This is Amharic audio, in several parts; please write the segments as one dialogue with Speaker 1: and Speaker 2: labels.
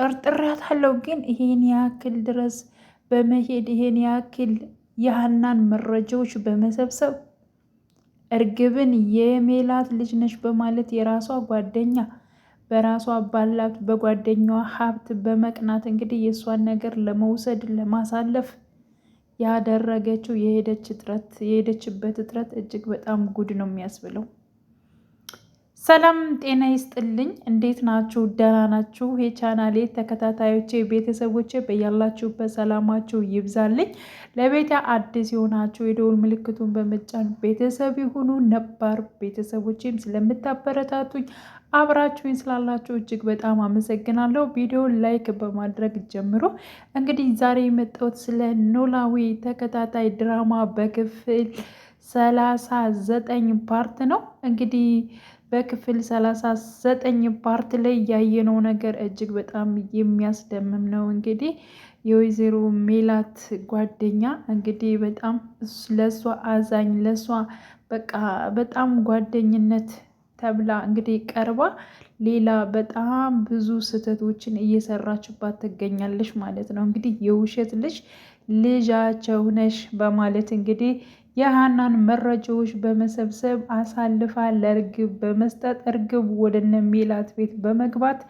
Speaker 1: ጠርጥሬያታለሁ፣ ግን ይሄን ያክል ድረስ በመሄድ ይሄን ያክል የሀናን መረጃዎች በመሰብሰብ እርግብን የሜላት ልጅ ነች በማለት የራሷ ጓደኛ በራሷ ባላት በጓደኛዋ ሀብት በመቅናት እንግዲህ የእሷን ነገር ለመውሰድ ለማሳለፍ ያደረገችው የሄደች እጥረት የሄደችበት እጥረት እጅግ በጣም ጉድ ነው የሚያስብለው። ሰላም ጤና ይስጥልኝ። እንዴት ናችሁ? ደህና ናችሁ? የቻናሌ ተከታታዮቼ ቤተሰቦቼ በያላችሁበት ሰላማችሁ ይብዛልኝ። ለቤት አዲስ የሆናችሁ የደወል ምልክቱን በመጫን ቤተሰብ የሆኑ ነባር ቤተሰቦቼም ስለምታበረታቱኝ አብራችሁኝ ስላላችሁ እጅግ በጣም አመሰግናለሁ። ቪዲዮን ላይክ በማድረግ ጀምሮ እንግዲህ ዛሬ የመጣሁት ስለ ኖላዊ ተከታታይ ድራማ በክፍል ሰላሳ ዘጠኝ ፓርት ነው እንግዲህ በክፍል 39 ፓርት ላይ ያየነው ነገር እጅግ በጣም የሚያስደምም ነው። እንግዲህ የወይዘሮ ሜላት ጓደኛ እንግዲህ በጣም ለእሷ አዛኝ ለእሷ በቃ በጣም ጓደኝነት ተብላ እንግዲህ ቀርባ ሌላ በጣም ብዙ ስህተቶችን እየሰራችባት ትገኛለች ማለት ነው። እንግዲህ የውሸት ልጅ ልጃቸው ነሽ በማለት እንግዲህ የሃናን መረጃዎች በመሰብሰብ አሳልፋ ለእርግብ በመስጠት እርግብ ወደነ ሜላት ቤት በመግባት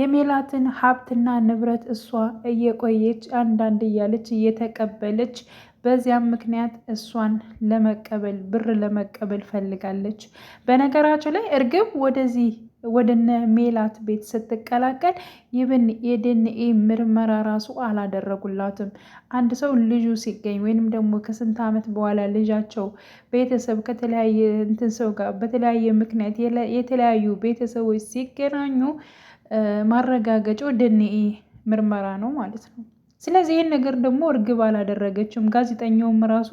Speaker 1: የሜላትን ሀብትና ንብረት እሷ እየቆየች አንዳንድ እያለች እየተቀበለች በዚያም ምክንያት እሷን ለመቀበል ብር ለመቀበል ፈልጋለች። በነገራቸው ላይ እርግብ ወደዚህ ወደነ ሜላት ቤት ስትቀላቀል ይብን የዲኤንኤ ምርመራ ራሱ አላደረጉላትም። አንድ ሰው ልጁ ሲገኝ ወይንም ደግሞ ከስንት ዓመት በኋላ ልጃቸው ቤተሰብ ከተለያየ እንትን ሰው ጋር በተለያየ ምክንያት የተለያዩ ቤተሰቦች ሲገናኙ ማረጋገጫው ዲኤንኤ ምርመራ ነው ማለት ነው። ስለዚህ ይህን ነገር ደግሞ እርግብ አላደረገችም። ጋዜጠኛውም ራሱ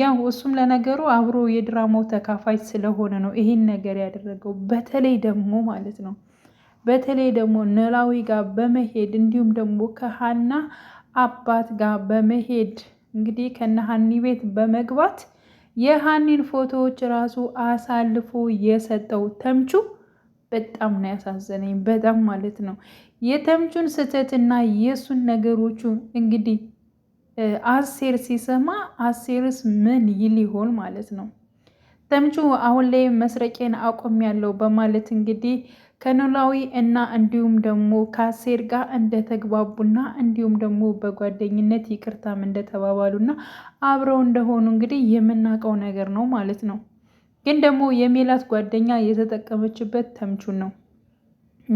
Speaker 1: ያው እሱም ለነገሩ አብሮ የድራማው ተካፋይ ስለሆነ ነው ይሄን ነገር ያደረገው። በተለይ ደግሞ ማለት ነው በተለይ ደግሞ ኖላዊ ጋር በመሄድ እንዲሁም ደግሞ ከሀና አባት ጋር በመሄድ እንግዲህ ከነሀኒ ቤት በመግባት የሀኒን ፎቶዎች ራሱ አሳልፎ የሰጠው ተምቹ በጣም ነው ያሳዘነኝ። በጣም ማለት ነው የተምቹን ስህተትና የእሱን ነገሮቹ እንግዲህ አሴር ሲሰማ አሴርስ ምን ይል ይሆን ማለት ነው። ተምቹ አሁን ላይ መስረቄን ያለው በማለት እንግዲህ ከኖላዊ እና እንዲሁም ደግሞ ከአሴር ጋር እንደተግባቡና እንዲሁም ደግሞ በጓደኝነት ይቅርታም እንደተባባሉና አብረው እንደሆኑ እንግዲህ የምናውቀው ነገር ነው ማለት ነው። ግን ደግሞ የሜላት ጓደኛ የተጠቀመችበት ተምቹን ነው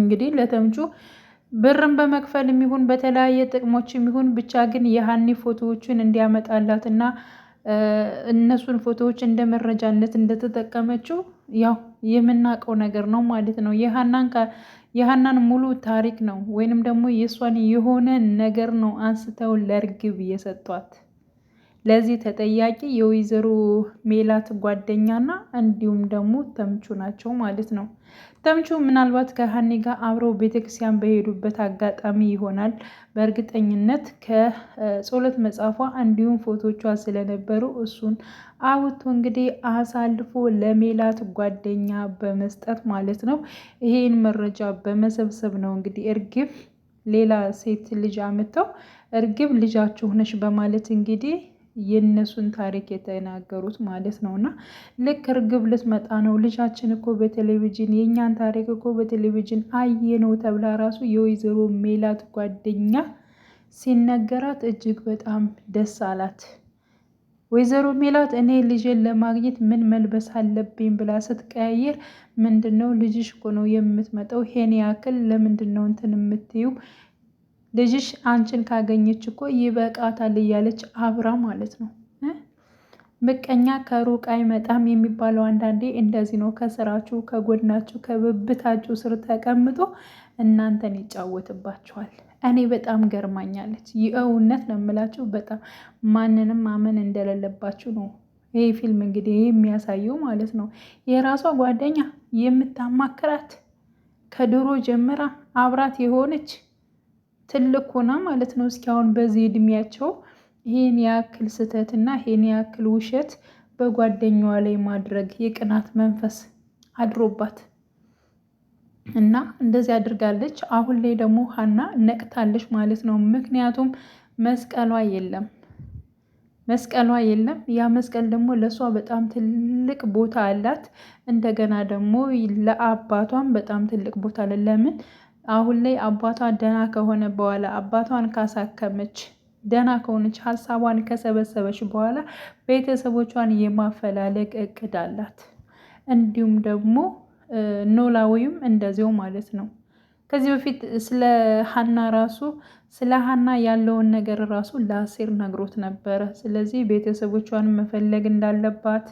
Speaker 1: እንግዲህ ለተምቹ ብርን በመክፈል የሚሆን በተለያየ ጥቅሞች የሚሆን ብቻ ግን የሀኒ ፎቶዎችን እንዲያመጣላት እና እነሱን ፎቶዎች እንደ መረጃነት እንደተጠቀመችው ያው የምናውቀው ነገር ነው ማለት ነው። የሀናን ሙሉ ታሪክ ነው ወይንም ደግሞ የእሷን የሆነ ነገር ነው አንስተው ለእርግብ የሰጧት። ለዚህ ተጠያቂ የወይዘሮ ሜላት ጓደኛና እንዲሁም ደግሞ ተምቹ ናቸው ማለት ነው። ተምቹ ምናልባት ከሀኒ ጋር አብረው ቤተክርስቲያን በሄዱበት አጋጣሚ ይሆናል። በእርግጠኝነት ከጸሎት መጽሐፏ እንዲሁም ፎቶቿ ስለነበሩ እሱን አውቶ እንግዲህ አሳልፎ ለሜላት ጓደኛ በመስጠት ማለት ነው። ይሄን መረጃ በመሰብሰብ ነው እንግዲህ እርግብ ሌላ ሴት ልጅ አምጥተው እርግብ ልጃችሁ ነሽ በማለት እንግዲህ የእነሱን ታሪክ የተናገሩት ማለት ነው። እና ልክ እርግብ ልትመጣ ነው ልጃችን እኮ በቴሌቪዥን የእኛን ታሪክ እኮ በቴሌቪዥን አየ ነው ተብላ ራሱ የወይዘሮ ሜላት ጓደኛ ሲነገራት እጅግ በጣም ደስ አላት። ወይዘሮ ሜላት እኔ ልጅን ለማግኘት ምን መልበስ አለብኝ ብላ ስትቀያየር፣ ምንድን ነው ልጅሽ እኮ ነው የምትመጣው፣ ይሄን ያክል ለምንድን ነው እንትን የምትይው ልጅሽ አንቺን ካገኘች እኮ ይበቃታል እያለች አብራ ማለት ነው። ምቀኛ ከሩቅ አይመጣም የሚባለው አንዳንዴ እንደዚህ ነው። ከስራችሁ፣ ከጎድናችሁ፣ ከብብታችሁ ስር ተቀምጦ እናንተን ይጫወትባችኋል። እኔ በጣም ገርማኛለች። የእውነት ነው የምላችሁ። በጣም ማንንም ማመን እንደሌለባችሁ ነው ይህ ፊልም እንግዲህ የሚያሳየው ማለት ነው። የራሷ ጓደኛ የምታማክራት ከድሮ ጀምራ አብራት የሆነች ትልቅ ሆና ማለት ነው። እስኪ አሁን በዚህ እድሜያቸው ይሄን ያክል ስህተት እና ይሄን ያክል ውሸት በጓደኛዋ ላይ ማድረግ የቅናት መንፈስ አድሮባት እና እንደዚህ አድርጋለች። አሁን ላይ ደግሞ ሀና ነቅታለች ማለት ነው። ምክንያቱም መስቀሏ የለም መስቀሏ የለም። ያ መስቀል ደግሞ ለእሷ በጣም ትልቅ ቦታ አላት። እንደገና ደግሞ ለአባቷም በጣም ትልቅ ቦታ አለ። ለምን አሁን ላይ አባቷ ደህና ከሆነ በኋላ አባቷን ካሳከመች ደህና ከሆነች ሀሳቧን ከሰበሰበች በኋላ ቤተሰቦቿን የማፈላለግ እቅድ አላት። እንዲሁም ደግሞ ኖላዊም እንደዚሁ ማለት ነው። ከዚህ በፊት ስለ ሀና ራሱ ስለ ሀና ያለውን ነገር ራሱ ለአሴር ነግሮት ነበረ። ስለዚህ ቤተሰቦቿን መፈለግ እንዳለባት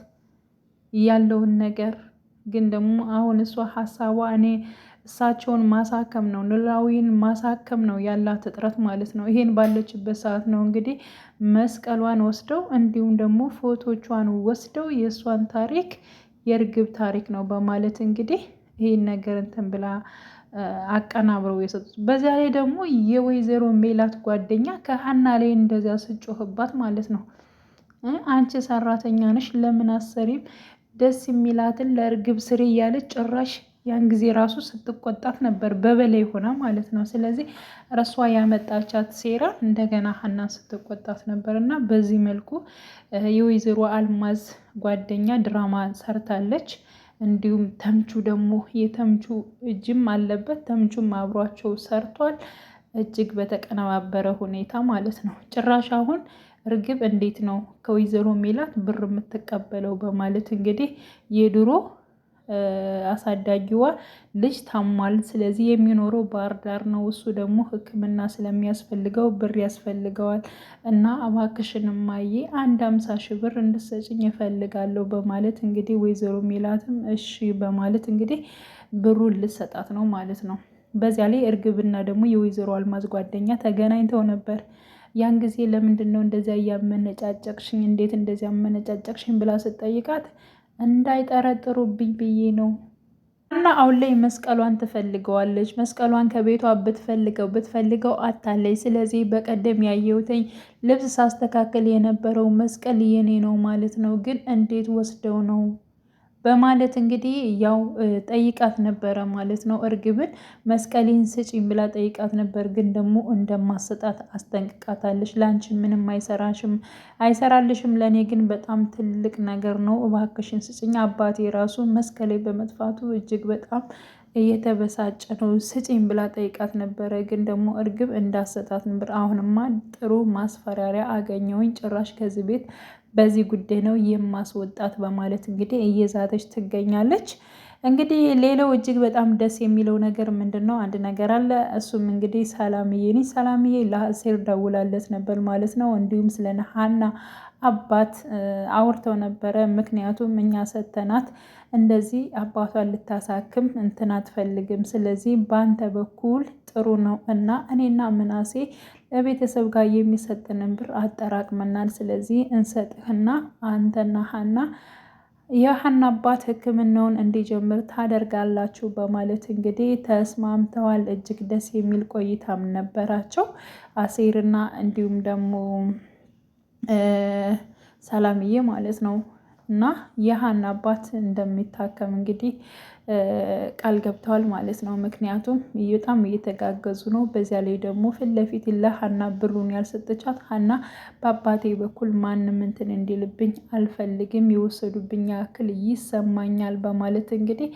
Speaker 1: ያለውን ነገር ግን ደግሞ አሁን እሷ ሀሳቧ እኔ እሳቸውን ማሳከም ነው፣ ኖላዊን ማሳከም ነው ያላት እጥረት ማለት ነው። ይሄን ባለችበት ሰዓት ነው እንግዲህ መስቀሏን ወስደው እንዲሁም ደግሞ ፎቶቿን ወስደው የእሷን ታሪክ የእርግብ ታሪክ ነው በማለት እንግዲህ ይህን ነገር እንትን ብላ አቀናብረው የሰጡት። በዚያ ላይ ደግሞ የወይዘሮ ሜላት ጓደኛ ከሀና ላይ እንደዚያ ስጮህባት ማለት ነው። አንቺ ሰራተኛ ነሽ፣ ለምን አሰሪም ደስ የሚላትን ለእርግብ ስሪ እያለች ጭራሽ ያን ጊዜ ራሱ ስትቆጣት ነበር በበላይ ሆና ማለት ነው። ስለዚህ እርሷ ያመጣቻት ሴራ እንደገና ሀና ስትቆጣት ነበር እና በዚህ መልኩ የወይዘሮ አልማዝ ጓደኛ ድራማ ሰርታለች። እንዲሁም ተምቹ ደግሞ የተምቹ እጅም አለበት። ተምቹም አብሯቸው ሰርቷል። እጅግ በተቀነባበረ ሁኔታ ማለት ነው። ጭራሽ አሁን እርግብ እንዴት ነው ከወይዘሮ ሜላት ብር የምትቀበለው በማለት እንግዲህ የድሮ አሳዳጊዋ ልጅ ታሟል። ስለዚህ የሚኖረው ባህር ዳር ነው። እሱ ደግሞ ሕክምና ስለሚያስፈልገው ብር ያስፈልገዋል እና እባክሽን እማዬ አንድ አምሳ ሺህ ብር እንድሰጭኝ እፈልጋለሁ በማለት እንግዲህ ወይዘሮ ሚላትም እሺ በማለት እንግዲህ ብሩን ልሰጣት ነው ማለት ነው። በዚያ ላይ እርግብና ደግሞ የወይዘሮ አልማዝ ጓደኛ ተገናኝተው ነበር። ያን ጊዜ ለምንድን ነው እንደዚያ እያመነጫጨቅሽኝ እንዴት እንደዚያ መነጫጨቅሽኝ ብላ ስትጠይቃት እንዳይጠረጥሩብኝ ብዬ ነው። እና አሁን ላይ መስቀሏን ትፈልገዋለች። መስቀሏን ከቤቷ ብትፈልገው ብትፈልገው አታለች። ስለዚህ በቀደም ያየሁትኝ ልብስ ሳስተካከል የነበረው መስቀል የኔ ነው ማለት ነው። ግን እንዴት ወስደው ነው በማለት እንግዲህ ያው ጠይቃት ነበረ ማለት ነው። እርግብን መስቀሌን ስጪኝ ብላ ጠይቃት ነበር፣ ግን ደግሞ እንደማሰጣት አስጠንቅቃታለች። ለአንቺ ምንም አይሰራሽም አይሰራልሽም፣ ለእኔ ግን በጣም ትልቅ ነገር ነው፣ እባክሽን ስጭኝ። አባቴ ራሱ መስቀሌ በመጥፋቱ እጅግ በጣም እየተበሳጨ ነው፣ ስጪኝ ብላ ጠይቃት ነበረ፣ ግን ደግሞ እርግብ እንዳሰጣት ነበር። አሁንማ ጥሩ ማስፈራሪያ አገኘውኝ ጭራሽ ከዚህ ቤት በዚህ ጉዳይ ነው የማስወጣት በማለት እንግዲህ እየዛተች ትገኛለች። እንግዲህ ሌላው እጅግ በጣም ደስ የሚለው ነገር ምንድን ነው? አንድ ነገር አለ። እሱም እንግዲህ ሰላምዬ እኔ ሰላምዬ ለአሴር ደውላለት ነበር ማለት ነው። እንዲሁም ስለ ሀና አባት አውርተው ነበረ። ምክንያቱም እኛ ሰተናት እንደዚህ አባቷን ልታሳክም እንትን አትፈልግም። ስለዚህ በአንተ በኩል ጥሩ ነው እና እኔና ምናሴ ለቤተሰብ ጋር የሚሰጥንን ብር አጠራቅመናል። ስለዚህ እንሰጥህና አንተና ሀና የሀና አባት ሕክምናውን እንዲጀምር ታደርጋላችሁ በማለት እንግዲህ ተስማምተዋል። እጅግ ደስ የሚል ቆይታም ነበራቸው አሴርና እንዲሁም ደግሞ ሰላምዬ ማለት ነው። እና የሀና አባት እንደሚታከም እንግዲህ ቃል ገብተዋል ማለት ነው። ምክንያቱም በጣም እየተጋገዙ ነው። በዚያ ላይ ደግሞ ፊት ለፊት ለሀና ብሩን ያልሰጠቻት ሀና በአባቴ በኩል ማንም እንትን እንዲልብኝ አልፈልግም፣ የወሰዱብኝ ያክል ይሰማኛል በማለት እንግዲህ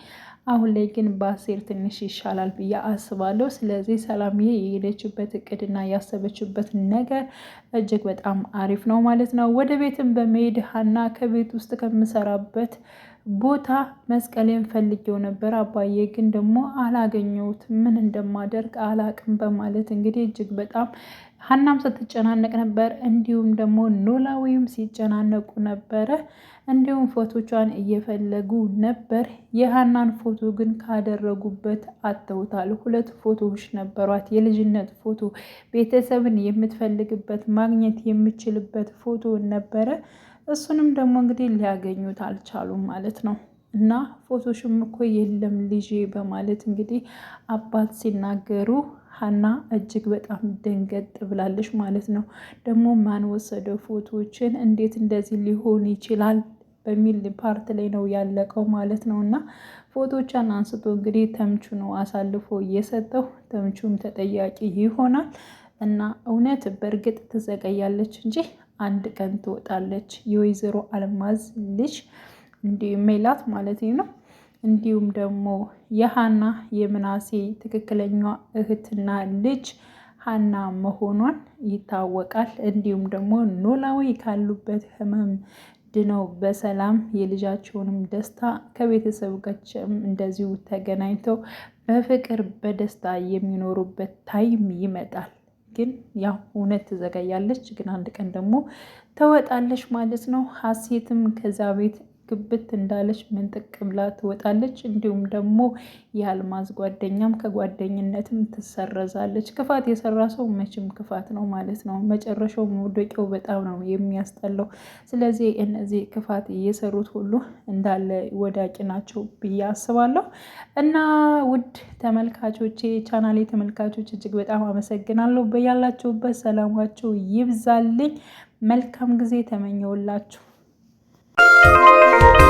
Speaker 1: አሁን ላይ ግን በአሴር ትንሽ ይሻላል ብዬ አስባለሁ። ስለዚህ ሰላምዬ የሄደችበት እቅድና ያሰበችበት ነገር እጅግ በጣም አሪፍ ነው ማለት ነው። ወደ ቤትም በመሄድ ሀና ከቤት ውስጥ ከምሰራበት ቦታ መስቀሌን ፈልጌው ነበር፣ አባዬ ግን ደግሞ አላገኘሁት፣ ምን እንደማደርግ አላቅም በማለት እንግዲህ እጅግ በጣም ሀናም ስትጨናነቅ ነበር። እንዲሁም ደግሞ ኖላዊም ሲጨናነቁ ነበረ። እንዲሁም ፎቶቿን እየፈለጉ ነበር። የሀናን ፎቶ ግን ካደረጉበት አተውታል። ሁለት ፎቶዎች ነበሯት። የልጅነት ፎቶ፣ ቤተሰብን የምትፈልግበት ማግኘት የምችልበት ፎቶ ነበረ። እሱንም ደግሞ እንግዲህ ሊያገኙት አልቻሉም ማለት ነው። እና ፎቶሽም እኮ የለም ልጄ በማለት እንግዲህ አባት ሲናገሩ ሀና እጅግ በጣም ደንገጥ ብላለች ማለት ነው። ደግሞ ማን ወሰደው ፎቶዎችን? እንዴት እንደዚህ ሊሆን ይችላል በሚል ፓርት ላይ ነው ያለቀው ማለት ነው። እና ፎቶቿን አንስቶ እንግዲህ ተምቹ ነው አሳልፎ እየሰጠው፣ ተምቹም ተጠያቂ ይሆናል። እና እውነት በእርግጥ ትዘገያለች እንጂ አንድ ቀን ትወጣለች የወይዘሮ አልማዝ ልጅ እንዲህ ሜላት ማለት ነው። እንዲሁም ደግሞ የሀና የምናሴ ትክክለኛ እህትና ልጅ ሀና መሆኗን ይታወቃል። እንዲሁም ደግሞ ኖላዊ ካሉበት ህመም ድነው በሰላም የልጃቸውንም ደስታ ከቤተሰብ ጋርም እንደዚሁ ተገናኝተው በፍቅር በደስታ የሚኖሩበት ታይም ይመጣል። ግን ያው እውነት ትዘገያለች፣ ግን አንድ ቀን ደግሞ ተወጣለች ማለት ነው። ሀሴትም ከዛ ቤት ግብት እንዳለች ጥቅም ብላ ትወጣለች። እንዲሁም ደግሞ የአልማዝ ጓደኛም ከጓደኝነትም ትሰረዛለች። ክፋት የሰራ ሰው መቼም ክፋት ነው ማለት ነው። መጨረሻው መውደቂያው በጣም ነው የሚያስጠላው። ስለዚህ እነዚህ ክፋት እየሰሩት ሁሉ እንዳለ ወዳቂ ናቸው ብዬ አስባለሁ። እና ውድ ተመልካቾቼ ቻናሌ ተመልካቾች እጅግ በጣም አመሰግናለሁ። በያላችሁበት ሰላማችሁ ይብዛልኝ። መልካም ጊዜ ተመኘውላችሁ። Thank you.